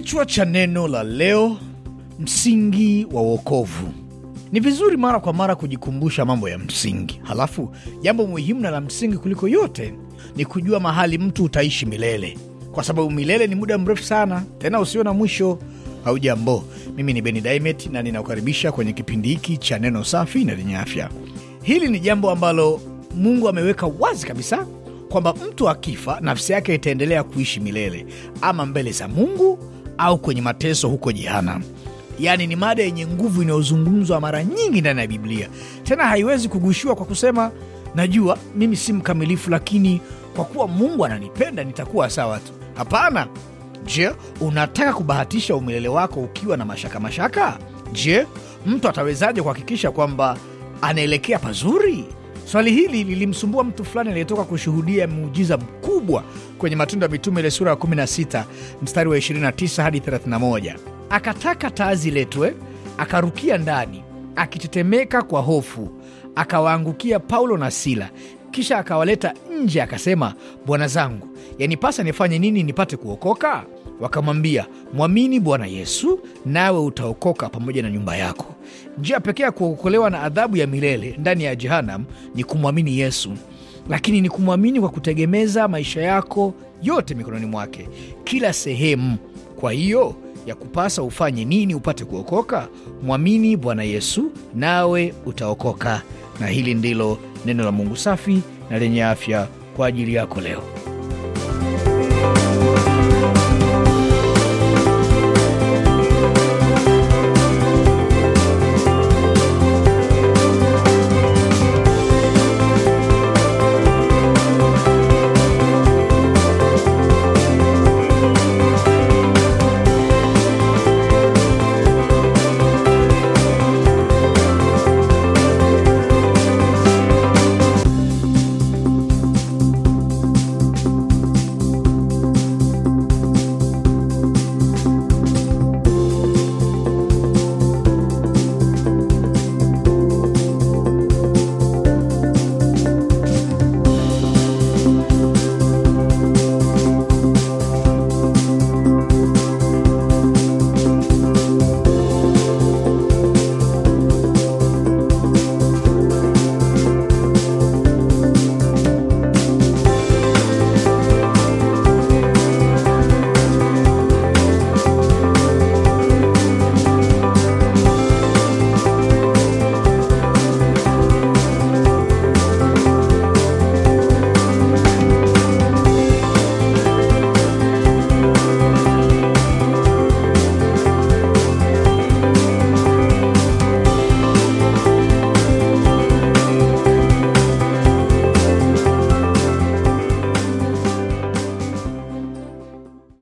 Kichwa cha neno la leo: msingi wa wokovu. Ni vizuri mara kwa mara kujikumbusha mambo ya msingi. Halafu jambo muhimu na la msingi kuliko yote ni kujua mahali mtu utaishi milele, kwa sababu milele ni muda mrefu sana, tena usio na mwisho. Haujambo, mimi ni Beni Daimet na ninakukaribisha kwenye kipindi hiki cha neno safi na lenye afya. Hili ni jambo ambalo Mungu ameweka wazi kabisa kwamba mtu akifa nafsi yake itaendelea kuishi milele, ama mbele za Mungu au kwenye mateso huko jihana Yaani ni mada yenye nguvu inayozungumzwa mara nyingi ndani ya Biblia, tena haiwezi kugushiwa kwa kusema najua mimi si mkamilifu, lakini kwa kuwa Mungu ananipenda nitakuwa sawa tu. Hapana. Je, unataka kubahatisha umilele wako ukiwa na mashaka mashaka? Je, mtu atawezaje kuhakikisha kwamba anaelekea pazuri? Swali hili lilimsumbua mtu fulani aliyetoka kushuhudia muujiza mkuu kubwa kwenye Matendo ya Mitume ile sura ya 16 mstari wa 29 hadi 31. Akataka taa ziletwe, akarukia ndani akitetemeka kwa hofu, akawaangukia Paulo na Sila. Kisha akawaleta nje, akasema, bwana zangu, yanipasa nifanye nini nipate kuokoka? Wakamwambia, mwamini Bwana Yesu nawe utaokoka pamoja na nyumba yako. Njia pekee ya kuokolewa na adhabu ya milele ndani ya Jehanam ni kumwamini Yesu lakini ni kumwamini kwa kutegemeza maisha yako yote mikononi mwake, kila sehemu. Kwa hiyo ya kupasa ufanye nini upate kuokoka? Mwamini Bwana Yesu nawe utaokoka. Na hili ndilo neno la Mungu safi na lenye afya kwa ajili yako leo.